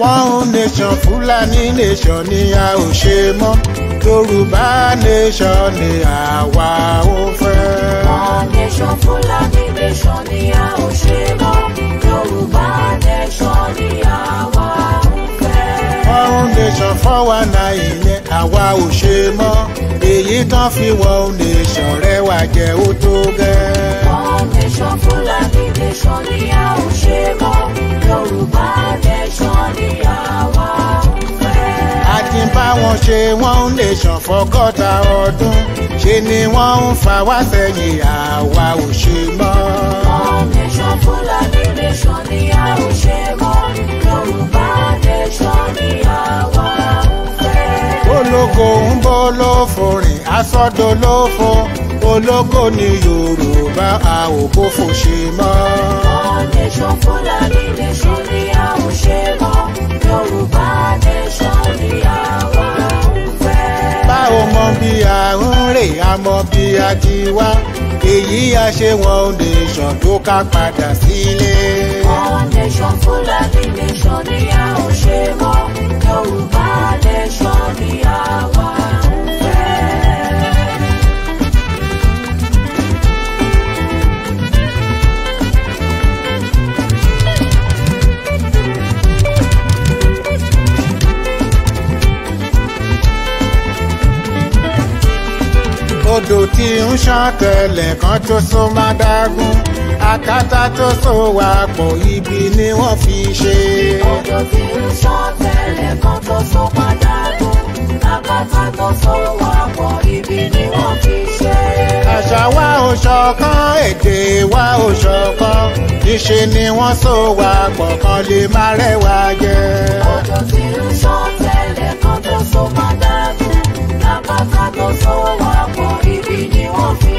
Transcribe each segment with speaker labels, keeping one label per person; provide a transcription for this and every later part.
Speaker 1: one nation Fúlàní nation ni a ò ṣe mọ́ Yorùbá nation ni àwa ò
Speaker 2: fẹ́. one nation Fúlàní nation ni a ò ṣe mọ́ Yorùbá nation ni àwa ò fẹ́. one nation fọwọ́
Speaker 1: náà ìyẹn àwa ò ṣe mọ́ èyí tán fi one nation rẹwà
Speaker 2: jẹ́ ó tó gẹ́. one nation Fúlàní nation ni.
Speaker 1: ṣe wọ́n ń lè ṣàn fọ́gọ́ta ọdún ṣe ni wọ́n ń fa wá
Speaker 2: sẹ́yìn àwa ò ṣe mọ́. one nation Fulani nation ni a ò ṣe mọ́ Yorùbá nation ni àwa
Speaker 1: ò ń bọ́ ló forin asọ́dọ̀ ló ni Yorùbá a ò kó fò ṣe mọ́. one nation
Speaker 2: Fulani nation ni a ò ṣe mọ́.
Speaker 1: mọ bí a ti wá èyí á ṣe wọn nation tó ká padà
Speaker 2: sílé. one nation Fúlàní nation ni a ò ṣe mọ́ Yorùbá nation ni a wà.
Speaker 1: odò tí ń ṣàn tẹ̀lẹ̀ kan tó so má dágún akátá tó so wà pọ̀ ibi
Speaker 2: ni wọ́n fi ṣe. odò tí ń ṣàn tẹ̀lẹ̀ kan tó so má dágún akátá tó so wà pọ̀ ibi ni wọ́n fi ṣe. àṣà
Speaker 1: wa ò ṣọ̀kan èdè wa ò ṣọ̀kan níṣe ni wọ́n so wà pọ̀ kan lè má rẹwà jẹ. odò tí ń ṣàn tẹ̀lẹ̀ kan tó
Speaker 2: so má dágún. Sou o pọ̀ e vim wọ́n fẹ́.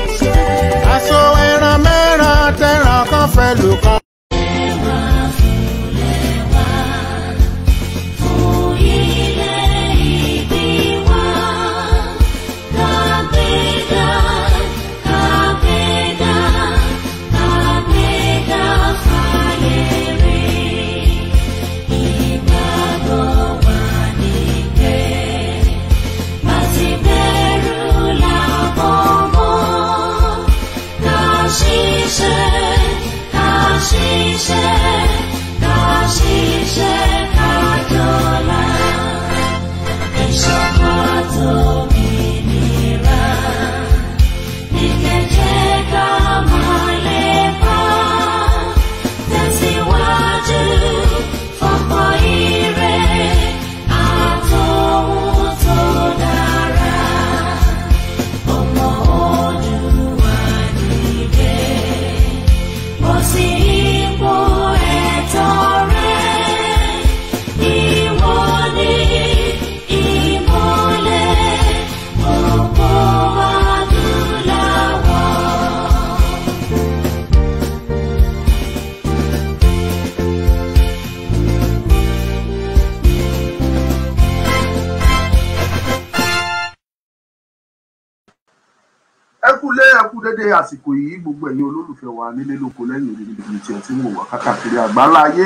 Speaker 3: dédé àsìkò yìí gbogbo ẹ̀yin olólùfẹ́ wa nílé lóko lẹ́yìn òde níbi tí ẹ ti ń wò wá káàkiri àgbáńlá ayé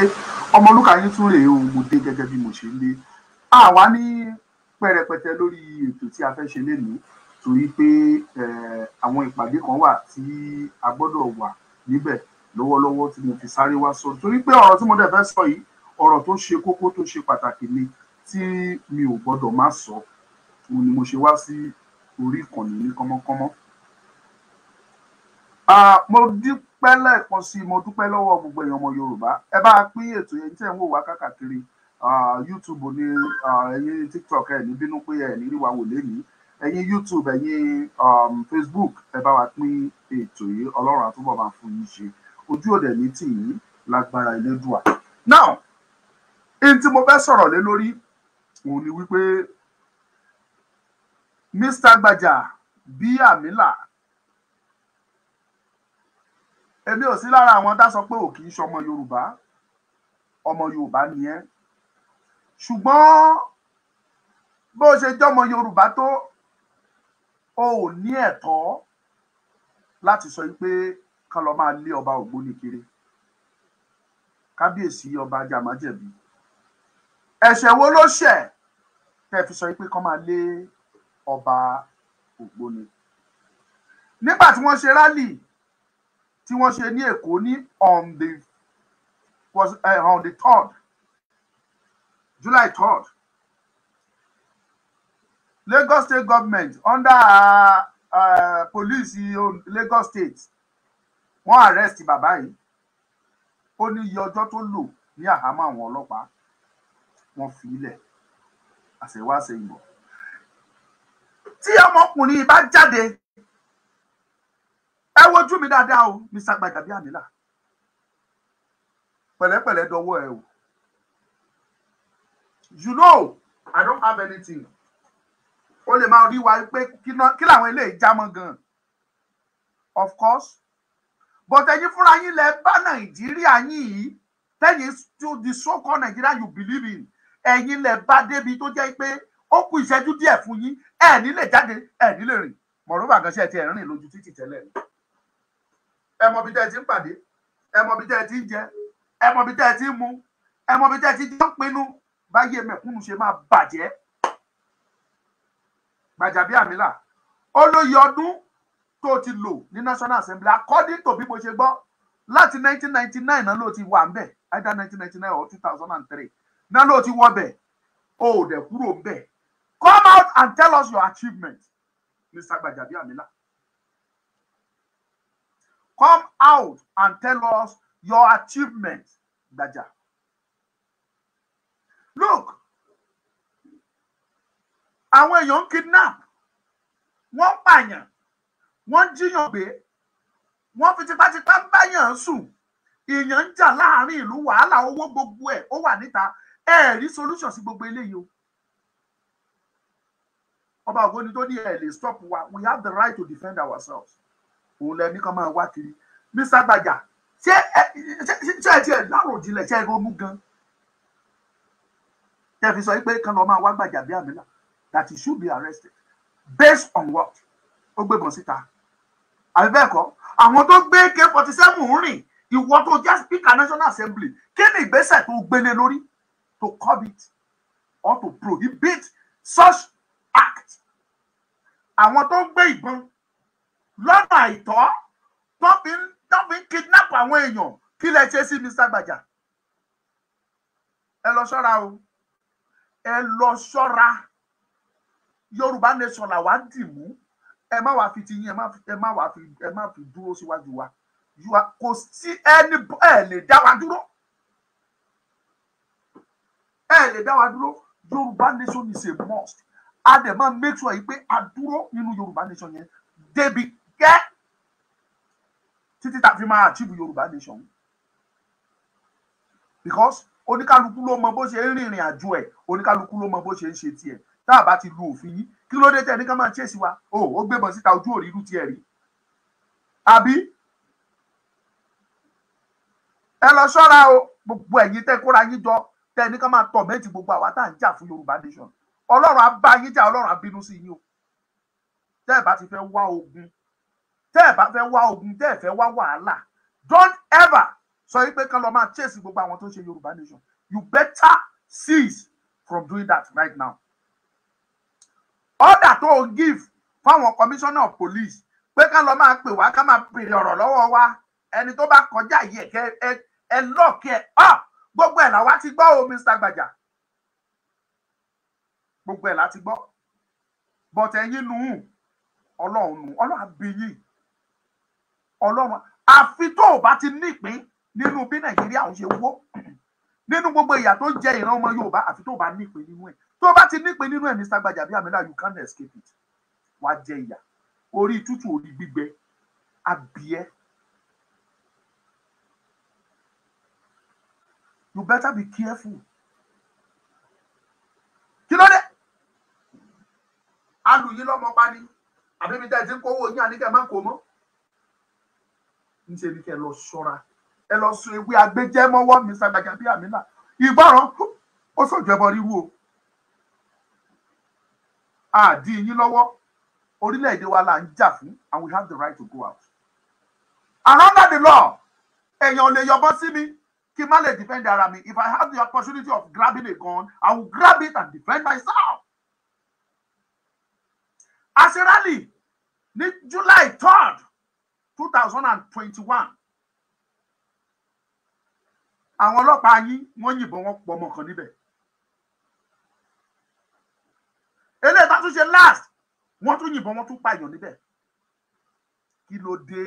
Speaker 3: ọmọlúkà yín tún rèé o mo dé gẹ́gẹ́ bí mo ṣe ń dé àwa ní pẹ̀rẹ̀pẹ̀tẹ̀ lórí ètò tí a fẹ́ ṣe lénìí torí pé àwọn ìpàdé kan wà tí a gbọ́dọ̀ wà níbẹ̀ lọ́wọ́lọ́wọ́ tí mo fi sáré wá sọ torí pé ọ̀rọ̀ tí mo dẹ̀ fẹ́ sọ yìí ọ̀rọ̀ tó ṣe kókó tó ṣe pàtàkì ni tí mi ò gbọ́dọ̀ má sọ òun ni mo ṣe wá sí orí ìkànnì ní kọ́mọ́kọ́mọ́ mo dúpẹ́ lẹ́ẹ̀kan sí mo dúpẹ́ lọ́wọ́ gbogbo èèyàn ọmọ yorùbá ẹ bá pín ètò yẹn tẹ̀ ń wò wá káàkiri youtube ní ẹ̀yin tiktok ẹ̀ ní bínú pé ẹ̀ ní wa wò lẹ́yìn ẹ̀yin youtube ẹ̀yin facebook ẹ bá wa pín ètò yìí ọlọ́run àtúbọ̀ máa fún yín ṣe ojú òde ní tì lágbára elédùà now n tí mo fẹ́ sọ̀rọ̀ lé lórí òun ni wípé mr gbajà bí àmì èmi ò sí lára àwọn tá sọ pé ò kì í ṣọmọ yorùbá ọmọ yorùbá nìyẹn ṣùgbọ́n bó ṣe jọmọ yorùbá tó o ò ní ẹ̀tọ́ láti sọ pé kán lọ máa lé ọba ògbóni kiri kábíyèsí ọba jàmájẹ̀bi ẹ̀ṣẹ̀ wo ló ṣẹ̀ tẹ́ fi sọ pé kán máa lé ọba ògbóni nígbà tí wọ́n ṣe rálì tí wọ́n ṣe ní Èkó ní on the was uh, on the third July third Lagos state government under uh, uh, police Lagos state wọ́n arrest bàbá yìí ó ní iye ọjọ́ tó lò ní àhámọ́ àwọn ọlọ́pàá wọ́n fi ilẹ̀ àṣẹwáṣẹ ìbọn tí ọmọkùnrin bá jáde ẹ wojú mi dáadáa o Mr. Gbajabiamila pẹ̀lẹ́pẹ̀lẹ́ dọwọ́ ẹ o you know I don't have anything o lè máa rí wa pé kí làwọn eléyìí já gan of course but ẹ̀yin fúnra yín lẹ bá Nàìjíríà yín yìí tẹ̀yin to the so-called Nigeria you believe in ẹ̀yin lẹ bá débi tó jẹ́ pé ó kù ìṣẹ́jú díẹ̀ fún yín ẹ̀ ní lè jáde ẹ̀ ní lè rìn mọ̀rọ́bà gan ṣe ti ẹ̀ lójú títì tẹ́lẹ̀ ni ẹ mọ ibi tẹ́ ẹ ti ń pàdé ẹ mọ ibi tẹ́ ẹ ti ń jẹ ẹ mọ ibi tẹ́ ẹ ti ń mu ẹ mọ ibi tẹ́ ẹ ti jọ pinnu báyé mẹ̀kúnnù ṣe máa bàjẹ́ Gbajabiamila ó lóye ọdún tó ti lò ní National Assembly according to bí mo ṣe gbọ́ láti 1999 náà ló ti wà ń either 1999 or 2003 náà ló ti wọ́ bẹ̀ ó dẹ̀ kúrò ń come out and tell us your achievement Mr. Gbajabiamila Come out and tell us your achievements, Gbaja. Look, àwọn èèyàn ń kidnap, wọ́n ń pààyàn, wọ́n ń jíyàn gbé, wọ́n fi tipátipá báyàn sùn, èèyàn ń jà láàárín ìlú wàhálà owó gbogbo ẹ̀ ó wà níta ẹ̀ẹ́rí solution sí gbogbo eléyìí o. Ọba Ògo tó ní ẹ̀ lè stop wa, we have the right to defend ourselves òun lẹni kan máa wá kiri Mr. Gbajà ṣé ẹ ṣé ẹ tiẹ̀ láròjinlẹ̀ ṣé ẹ ronú gan tẹ́ fi sọ pé kan lọ máa wá Gbajà bí àmìlà that he should be arrested based on what ó gbébọn síta àbí bẹ́ẹ̀ kọ́ àwọn tó gbé k forty seven ń rìn ìwọ tó jẹ́ speaker national assembly kí ni ìgbésẹ̀ tó gbélé lórí to curb it or to prohibit such act àwọn tó gbé ìbọn lọ́nà àìtọ́ tó fi ń tó fi ń kidnap àwọn èèyàn kí lẹ ṣe sí Mr. Gbajà ẹ lọ ṣọ́ra o ẹ lọ ṣọ́ra Yorùbá nation làwa dì mú ẹ má wàá fi ti yín ẹ má ẹ má wàá fi ẹ má fi dúró síwájú wa kò sí ẹni ẹ lè dá wa dúró ẹ lè dá wa dúró Yorùbá nation is a must a dẹ̀ máa make sure yìí pé a dúró nínú Yorùbá nation yẹn débi gẹ́ títí tá a fi máa achieve yorùbá nation because oníkálukú ló mọ bó ṣe ń rìnrìn àjò ẹ̀ oníkálukú ló mọ bó ṣe ń ṣe tiẹ̀ tá a bá ti lu òfin yìí kí ló dé tẹ̀ ní ká máa chase wa o ó gbébọn síta ojú òrìrú tiẹ̀ rí àbí ẹ lọ ṣọ́ra o gbogbo ẹ̀yin tẹ́ kóra yín jọ tẹ́ ní ká máa tọ̀mẹ́ǹtì gbogbo àwa tá à ń jà fún yorùbá nation ọlọ́run á bá yín jà ọlọ́run á bínú sí yín o tẹ́ ẹ bá ti fẹ́ wá ogun tẹ́ ẹ̀ bá fẹ́ wá ogun tẹ́ ẹ̀ fẹ́ wá wàhálà don't ever sọ wípé kán lọ máa chase gbogbo àwọn tó ń ṣe yorùbá nation you better cease from doing that right now order tó give fáwọn commissioner of police pé kán lọ máa pè wá ká máa bèrè ọ̀rọ̀ lọ́wọ́ wa ẹni tó bá kọjá yìí ẹ̀kẹ́ ẹ lọ́ọ̀kì ẹ̀ up gbogbo ẹ̀ làwa ti gbọ́ o Mr. Gbajà gbogbo ẹ̀ la gbọ́ bọ̀tẹ̀ yín nù ọlọ́run nù ọlọ́run àbí ọlọ́run àfi tó o bá ti nípín nínú bí nàìjíríà ò ṣe wó nínú gbogbo ìyà tó jẹ ìran ọmọ yorùbá àfi tó o bá nípín nínú ẹ tó o bá ti nípín nínú ẹ Mr. Gbajabiamila you can't escape it wà á jẹ ìyà orí tútù orí gbígbẹ abìẹ you better be careful kí ló dé alùyìn lọmọ pa ni àbí mi dá ẹ ti ń kówó yín àníkẹ́ máa ń kó mọ́ níṣẹ́ ni kẹ́ ẹ lọ ṣọ́ra ẹ lọ sun ewé agbẹjẹmọwọ mi sàgbàgà bíi àmìlà ìgbọràn ó sọjọbọ ríru o àdí yín lọ́wọ́ orílẹ̀-èdè wa là ń jà fún and we have the right to go out another the law èèyàn ò lè yọbọ sí mi kí n má lè defend ara mi if i have the opportunity of grabbing a gun i will grab it and defend myself. àṣírálì ní july 3 thousand twenty-one àwọn ọlọ́pàá yín wọ́n yìnbọn wọn pọ̀ ọmọ kan níbẹ̀ eléyìí bá tún ṣe last wọ́n tún yìnbọn wọ́n tún pààyàn níbẹ̀ kí ló dé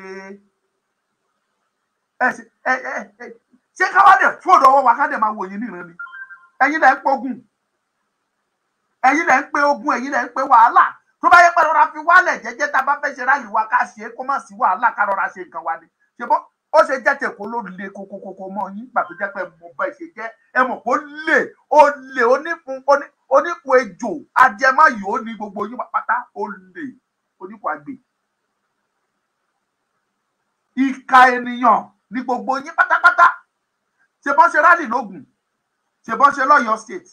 Speaker 3: ẹ ẹ ẹ ṣé káwá dẹ̀ fóònù ọwọ́ wa ká dẹ̀ máa wò yín nìran ni ẹ̀yin lẹ ń pogun ẹ̀yin lẹ ń pe ogun ẹ̀yin lẹ ń pe wàhálà tó bá yẹ pé rọra fi wálẹ̀ jẹ́jẹ́ tá a bá fẹ́ ṣe ráàlì wa ká ṣe é kó má sí wàhálà ká rọra ṣe nǹkan wa ni ṣe bọ́ ó ṣe jẹ́ tèkó ló le kokokoko mọ́ yín gbà tó jẹ́ pé mo bá ṣe jẹ́ ẹ mọ̀ kó lè ó lè onífun onífun ejò ajẹmáyò ó ní gbogbo yín pátá ó lè onífun àgbè ìka ènìyàn ní gbogbo yín pátápátá ṣe bọ́n ṣe rálì lógùn ṣe bọ́n ṣe lọ́yọ̀ọ́ state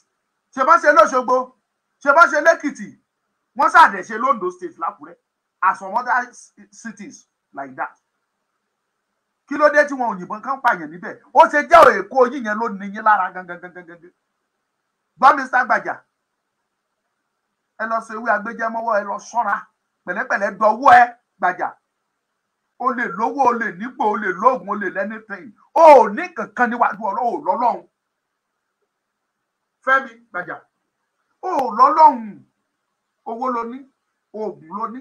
Speaker 3: ṣe bọ́n ṣe lọ́ṣogbo ṣe bọ́n ṣe lẹ́kìtì wọ́n ṣàdé ṣe londo state lákùrẹ́ as some other cities like that kí ló dé tí wọn ò yìnbọn kan pààyàn níbẹ̀ ó ṣe jẹ́ èkó yíyan ló ní yín lára gangan gangan gangan gbọ́ mr gbajà ẹ lọ ṣe ewé agbẹjẹmọwọ ẹ lọ ṣọ́ra pẹ̀lẹ́pẹ̀lẹ́ dọwọ́ ẹ gbajà o lè lówó o lè nípò o lè lóògùn o lè lẹ́nìtẹ̀yìn o ò ní kankan níwájú ọlọ́wọ́ lọ́lọ́hún fẹ́mi gbajà o ò lọ́lọ́hún owó ló ní oògùn ló ní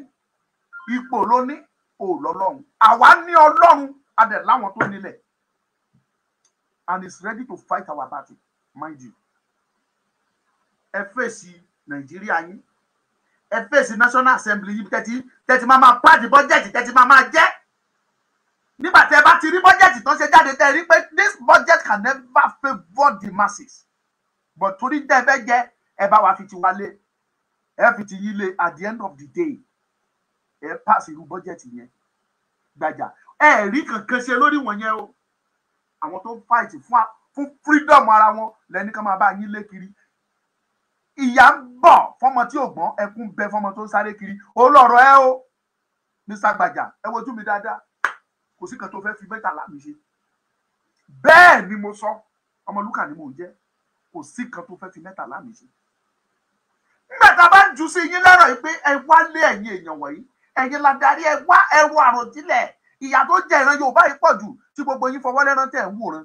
Speaker 3: ipò ló ní òlọ́lọ́run àwa ní ọlọ́run adẹ̀ láwọn tó nílẹ̀ and is ready to fight our battle mind you ẹ fèsì nàìjíríà yín ẹ fèsì national assembly yín tẹ́tí tẹ́tí máa máa pàdé bọ́jẹ̀tì tẹ́tí máa máa jẹ́ nígbà tẹ́ bá ti rí bọ́jẹ̀tì tó ṣe jáde tẹ́ rí pé this budget can never favour the masses but torí tẹ́ fẹ́ jẹ ẹ bá wa fi tiwa lé everything you lè at the end of the day ẹ pass irú bọ́jẹ̀tì yẹn gbàjà ẹ rí kankan ṣe lórí wọ̀nyẹn o àwọn tó ń fight fún fún freedom ara wọn lẹni kan máa bá yín lé kiri ìyá ń bọ̀ fọmọ tí ò gbọ́n ẹkún bẹ fọmọ tó ń sáré kiri ó lọ̀rọ̀ ẹ o mr gbàjà ẹ wojú mi dáadáa kò sí kan tó fẹ́ fi bẹ́tà lámì ṣe bẹ́ẹ̀ ni mo sọ ọmọlúkà ni mò ń jẹ́ kò sí kan tó fẹ́ fi mẹ́tà lámì ṣe tá a bá ń jù sí yín lọ́rọ̀ yìí pé ẹ wá lé ẹ̀yin èèyàn wọ̀nyí ẹ̀yin la ẹ wá ẹrù àròjinlẹ̀ ìyà tó jẹ ìran Yorùbá yìí pọ̀ jù tí gbogbo yín fọwọ́ lẹ́rán tẹ̀ ń wòran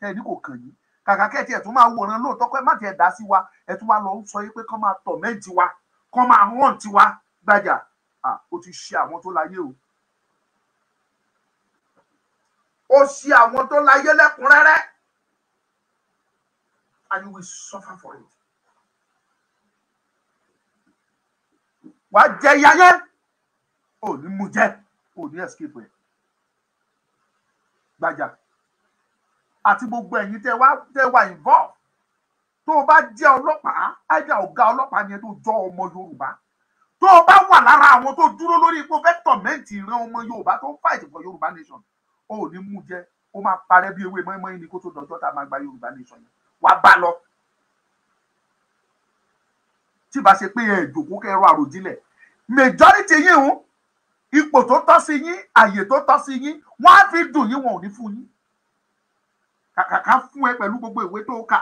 Speaker 3: tẹ̀ ní kò kàn yín kàkà kẹ́tì ẹ̀ tún máa wòran lóòótọ́ pé má tiẹ̀ dá sí wa ẹ̀ tún wá lọ sọ yín pé kán máa tọ̀ mẹ́ǹtì wa kán máa hàn ti gbàjà ó ti ṣe àwọn tó láyé o ó ṣe àwọn tó láyé lẹ́kùnrẹ́rẹ́ and you will suffer for it. wàá jẹ ìyá yẹn ò ní mú jẹ ò ní escape ẹ̀ gbàjà àti gbogbo ẹ̀yin tẹ́ wá tẹ́ wá involve tó o bá jẹ́ ọlọ́pàá ẹ̀jẹ̀ ọ̀gá ọlọ́pàá yẹn tó jọ ọmọ Yorùbá tó o bá wà lára àwọn tó dúró lórí ipò fẹ́tọ̀mẹ́ǹtì ìran ọmọ Yorùbá tó ń fight for Yorùbá nation o ò ní mú jẹ ó máa parẹ́ bí ewé mọ́ínmọ́ín ni kó tó dọjọ́ tá a máa gba Yorùbá nation yẹn wàá bá lọ tí bá ṣe pé ẹ kẹrọ àròjinlẹ̀ majority yín ń ipò tó tọ́ sí yín àyè tó tọ́ sí yín wọ́n á fi dùn yín wọn ò ní fún yín kàkàkà fún ẹ pẹ̀lú gbogbo ìwé tó kà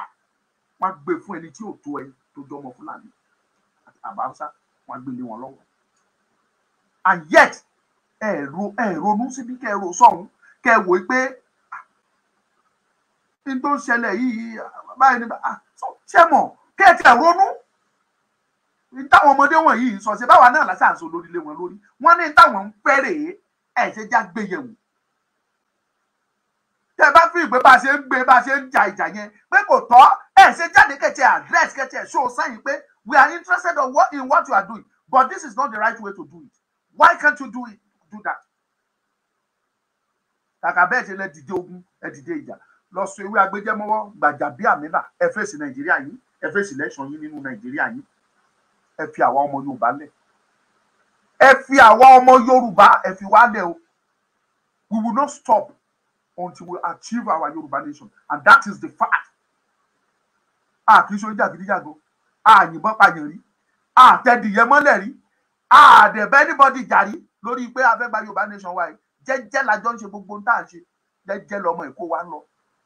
Speaker 3: wọ́n á gbé fún ẹni tí ò tó ẹ tó jọmọ fúlàní àbáṣá wọ́n á gbé lé wọn lọ́wọ́ and yet ẹ ro ẹ ronú síbi kẹ ro sọ̀hún kẹ wò ó pé ah, n tó ń ṣẹlẹ̀ yìí báyìí ni ah, ṣé mọ̀ kẹ ẹ ti ronú táwọn ọmọdé wọ̀nyí ń sọ ṣe báwa náà lásán àṣọ lórí ilé wọn lórí wọn ní táwọn ń fẹ́ rèé ṣe já gbé yẹ̀wò tẹ bá fi ìgbé bá ṣe ń gbé bá ṣe ń ja ìjà yẹn pé kò tọ́ ẹ̀ ṣe jáde kẹ̀tẹ̀ address kẹ̀tẹ̀ ṣó o pé we are interested in what, you are doing but this is not the right way to do it why can't you do it do that. kàkà bẹ́ẹ̀ ṣe lẹ dìde ogun ẹ dìde ìjà lọ sọ ewé agbẹjẹmọwọ gbàjà bíi àmì náà ẹ fèsì nàìjíríà yìí ẹ fèsì lẹ́sàn yín nínú nàìjíríà yìí ẹ fi àwa ọmọ yorùbá lẹ̀ ẹ fi àwa ọmọ yorùbá ẹ fi wá lẹ̀ o we will not stop until we achieve our yorùbá nation and that is the fact a kì í ṣe oníjàgídíjàgo a yìnbọn pààyàn rí a tẹdìyẹ mọ́lẹ̀ rí a dẹbẹ anybody jàrí lórí pé a fẹ́ gba yorùbá nation wa yìí jẹ́jẹ́ lajọ ń ṣe gbogbo ń tà ń ṣe jẹ́jẹ́ lọmọ èkó wa ń lọ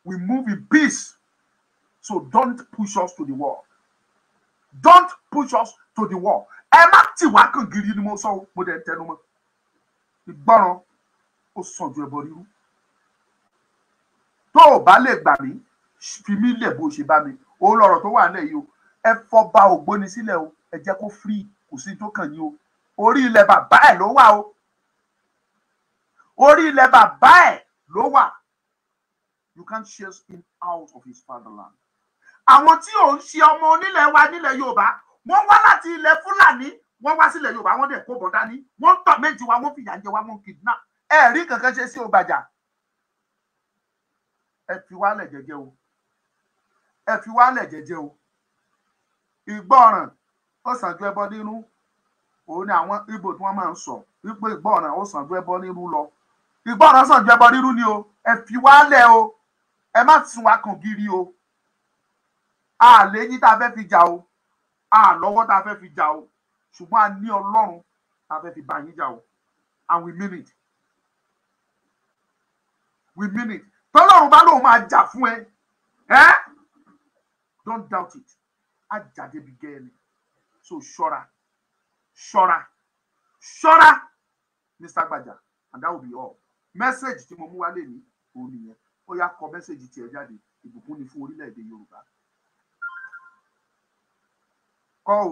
Speaker 3: we move in peace so don't push us to the wall don't push us to the wall ẹ má tì wá kàn gírí ni mo sọ mo dẹ̀ tẹnu mọ́ ìgbọràn ó sàn ju ẹbọ rírú tó o bá lè gbà mí fi mí lẹ̀ bó ṣe bá mi òun lọ̀rọ̀ tó wà nílẹ̀ o ẹ fọba ògbóni sílẹ̀ o ẹ jẹ́ kó free kò sí tó kàn yín o orí ilẹ̀ bàbá ẹ̀ ló wà o orí ilẹ̀ bàbá ẹ̀ ló wà you can't chase him out of his fatherland àwọn tí ò ń ṣe ọmọ onílẹ̀ wa nílẹ̀ Yorùbá wọ́n wá láti ilẹ̀ fúlàní wọ́n wá sílẹ̀ yorùbá wọ́n dẹ̀ kó bọ̀ dání wọ́n tọ̀ méjì wa wọ́n fìyà jẹ wa wọ́n kidnap ẹ̀rí kankan ṣe sí ògbàjà ẹ fi wálẹ̀ jẹ́jẹ́ o ẹ fi wálẹ̀ jẹ́jẹ́ o ìgbọràn ó sàn ju ẹbọ nínú òun ni àwọn ibo tí wọ́n máa ń sọ wípé ìgbọràn ó sàn ju ẹbọ nínú lọ ìgbọràn sàn ju ẹbọ nínú ni o ẹ fi wálẹ̀ o ẹ má sun wa gírí o àlè yín tá a fẹ́ fi jà o a lọ́wọ́ tá a fẹ́ fi jà o ṣùgbọ́n a ní ọlọ́run tá a fẹ́ fi bá yín jà o and we mean it we mean it tọ́lọ́run bá lóun máa jà fún ẹ ẹ́ don't doubt it á jà débi gẹ́ẹ̀lì so ṣọ́ra ṣọ́ra ṣọ́ra Mr. Gbaja and that will be all message tí mo mú wá lè ní òun nìyẹn ó yá kọ message tiẹ̀ jáde ìbùkún ni fún orílẹ̀-èdè Yorùbá. Qual?